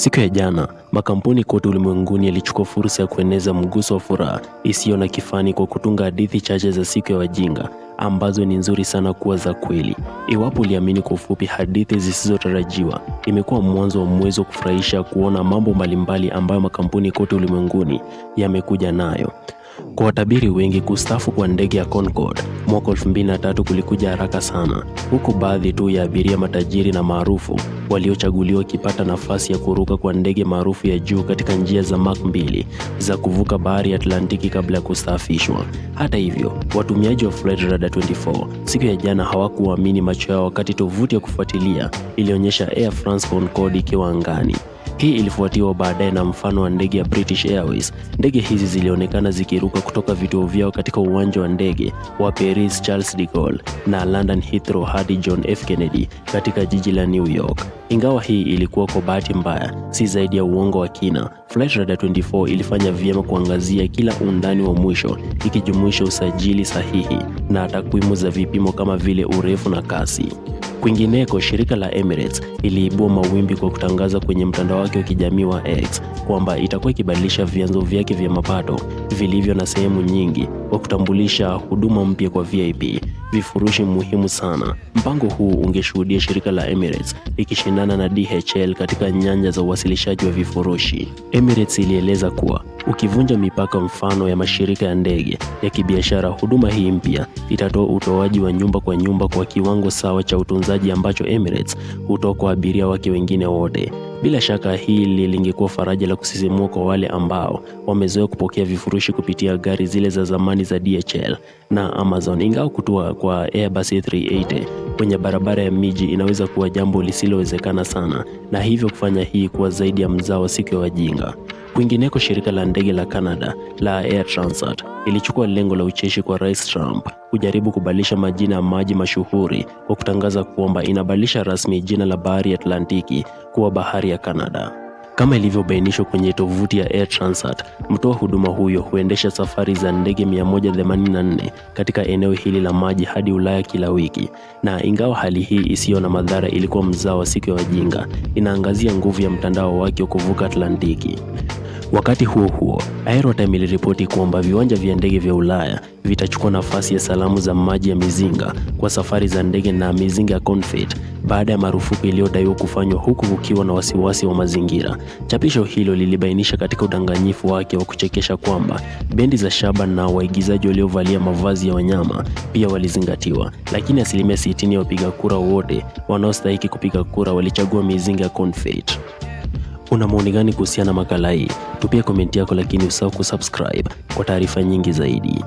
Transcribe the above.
Siku ya jana makampuni kote ulimwenguni yalichukua fursa ya kueneza mguso wa furaha isiyo na kifani kwa kutunga hadithi chache za siku ya wajinga ambazo ni nzuri sana kuwa za kweli. Iwapo uliamini kwa ufupi, hadithi zisizotarajiwa imekuwa mwanzo wa mwezi wa kufurahisha kuona mambo mbalimbali ambayo makampuni kote ulimwenguni yamekuja nayo. Kwa watabiri wengi kustafu kwa ndege ya Concorde mwaka 2003 kulikuja haraka sana, huku baadhi tu ya abiria matajiri na maarufu waliochaguliwa wakipata nafasi ya kuruka kwa ndege maarufu ya juu katika njia za Mach 2 za kuvuka bahari ya Atlantiki kabla ya kustaafishwa. Hata hivyo, watumiaji wa Radar 24 siku ya jana hawakuamini macho yao wakati tovuti ya kufuatilia ilionyesha Air France Concorde ikiwa angani. Hii ilifuatiwa baadaye na mfano wa ndege ya British Airways. Ndege hizi zilionekana zikiruka kutoka vituo vyao katika uwanja wa ndege wa Paris Charles de Gaulle na London Heathrow hadi John F Kennedy katika jiji la New York. Ingawa hii ilikuwa kwa bahati mbaya, si zaidi ya uongo wa kina. Radar 24 ilifanya vyema kuangazia kila undani wa mwisho, ikijumuisha usajili sahihi na takwimu za vipimo kama vile urefu na kasi. Kwingineko, shirika la Emirates iliibua mawimbi kwa kutangaza kwenye mtandao wake wa kijamii wa X kwamba itakuwa ikibadilisha vyanzo vyake vya mapato vilivyo na sehemu nyingi kwa kutambulisha huduma mpya kwa VIP, vifurushi muhimu sana. Mpango huu ungeshuhudia shirika la Emirates likishindana na DHL katika nyanja za uwasilishaji wa vifurushi. Emirates ilieleza kuwa ukivunja mipaka, mfano ya mashirika ya ndege ya kibiashara. Huduma hii mpya itatoa utoaji wa nyumba kwa nyumba kwa kiwango sawa cha utunzaji ambacho Emirates hutoa kwa abiria wake wengine wote. Bila shaka hili lingekuwa faraja la kusisimua kwa wale ambao wamezoea kupokea vifurushi kupitia gari zile za zamani za DHL na Amazon, ingawa kutua kwa Airbus A380 kwenye barabara ya miji inaweza kuwa jambo lisilowezekana sana, na hivyo kufanya hii kuwa zaidi ya mzao siku ya wajinga. Kwingineko, shirika la ndege la Canada la Air Transat ilichukua lengo la ucheshi kwa Rais Trump kujaribu kubadilisha majina ya maji mashuhuri kwa kutangaza kwamba inabadilisha rasmi jina la bahari ya Atlantiki kuwa bahari ya Canada. Kama ilivyobainishwa kwenye tovuti ya Air Transat, mtoa huduma huyo huendesha safari za ndege 184 katika eneo hili la maji hadi Ulaya kila wiki, na ingawa hali hii isiyo na madhara ilikuwa mzaa wa siku ya wajinga, inaangazia nguvu ya mtandao wake wa kuvuka Atlantiki. Wakati huo huo, Aerotime iliripoti kwamba viwanja vya ndege vya Ulaya vitachukua nafasi ya salamu za maji ya mizinga kwa safari za ndege na mizinga ya confetti baada ya marufuku iliyodaiwa kufanywa huku kukiwa na wasiwasi wa mazingira. Chapisho hilo lilibainisha katika udanganyifu wake wa kuchekesha kwamba bendi za shaba na waigizaji waliovalia mavazi ya wanyama pia walizingatiwa, lakini asilimia 60 ya wapiga kura wote wanaostahiki kupiga kura walichagua mizinga ya confetti. Una maoni gani kuhusiana na makala hii? Tupia komenti yako, lakini usahau kusubscribe kwa taarifa nyingi zaidi.